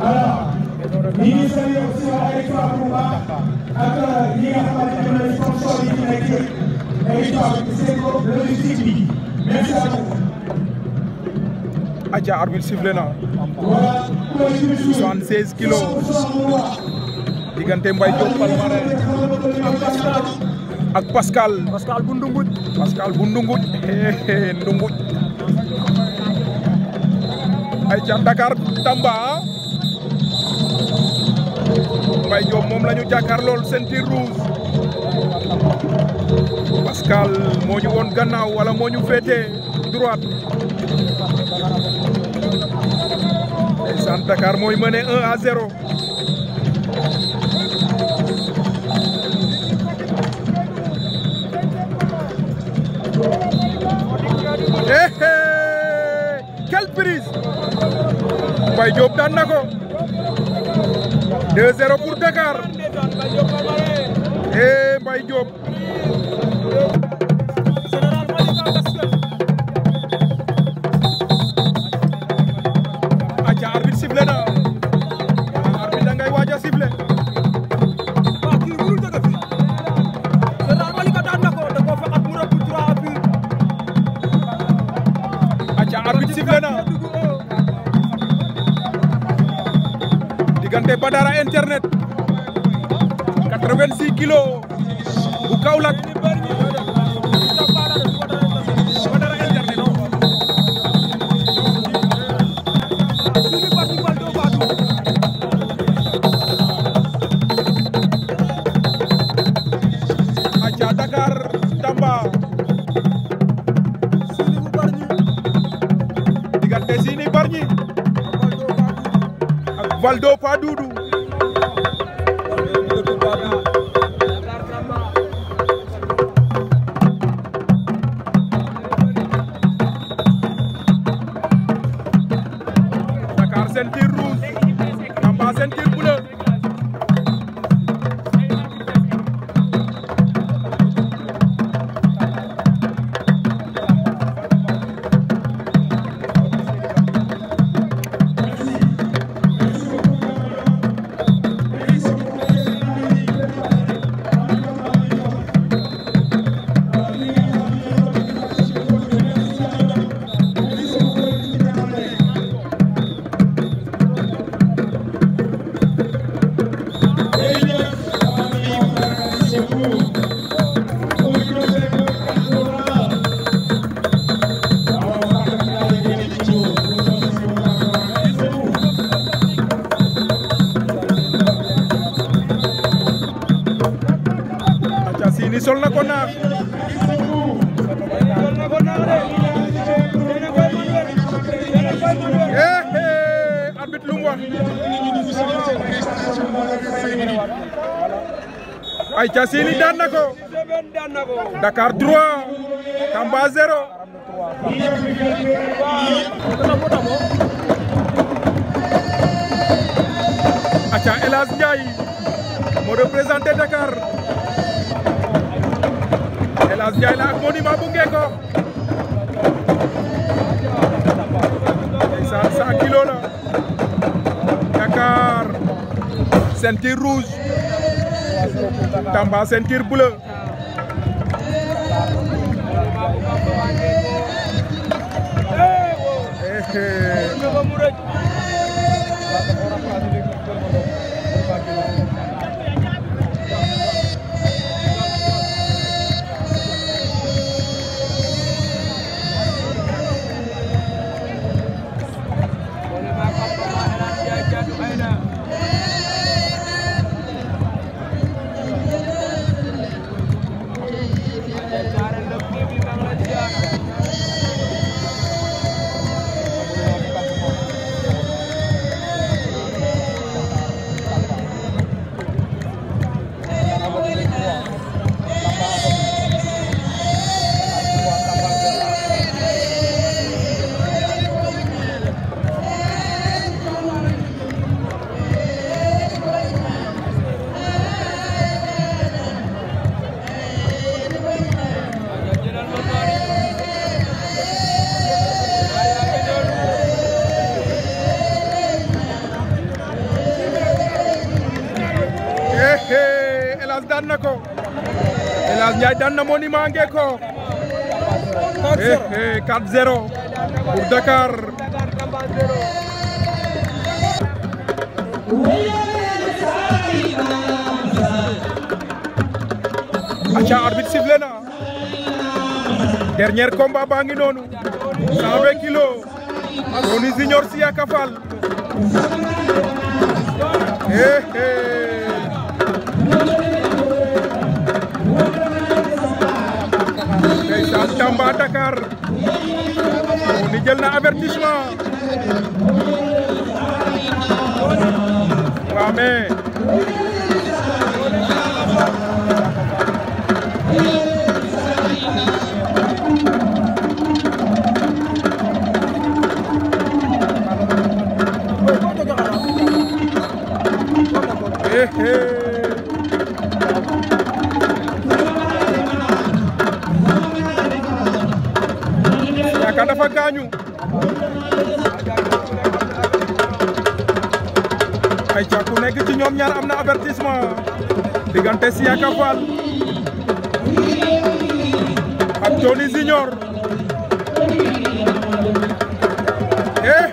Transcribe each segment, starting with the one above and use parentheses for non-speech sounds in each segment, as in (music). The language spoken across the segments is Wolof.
alors ñi ngi sori aussi diggante Mbaye Diop ak Pascal. bu Ndunguj. Pascal (laughs) ay ca Dakar Tamba Mbaye moom la ñu jàkkaar lool rouge Pascal moo ñu woon gannaaw wala moo ñu féete droite ndeysaan Dakar mooy mené 1 à 0 Mbaye Diop daan na ko 2-0 pour Dakar eh Mbaye Diop. aca arbitre sifflé na arbitre da ngay waaj a sifflé. aca na. diggante Badara internet 86 kilos bu Kaolack Dakar Tamba Valdo Pa Doudou ay ca Seny ko Dakar 3 Tamba 0 aca El Hadj Ndiaye moo représenté Dakar El Hadj la ak monument bu Ngeko sa sa Dakar ceinture rouge Tamba ceinture Elhadj daan na ko Elhadj eh, eh, dernier combat baa ngi noonu 120 kilos Tony Junior Siaka Fall eh, ak Tamba Dakar Mony jël na avertissement waaw mais Hey, hey. Ndiaka dafa gaañu ay ca ku nekk ci ñoom ñaar am na avertissement diggante Siaka Fall ak Joli Junior eh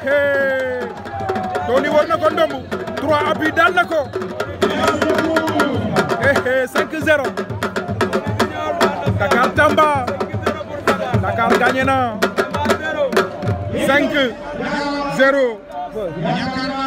Joli eh. war na ko ndomb trois appuis dal na ko eh 5-0 eh, Dakar Tamba Dakar gagné na 5 0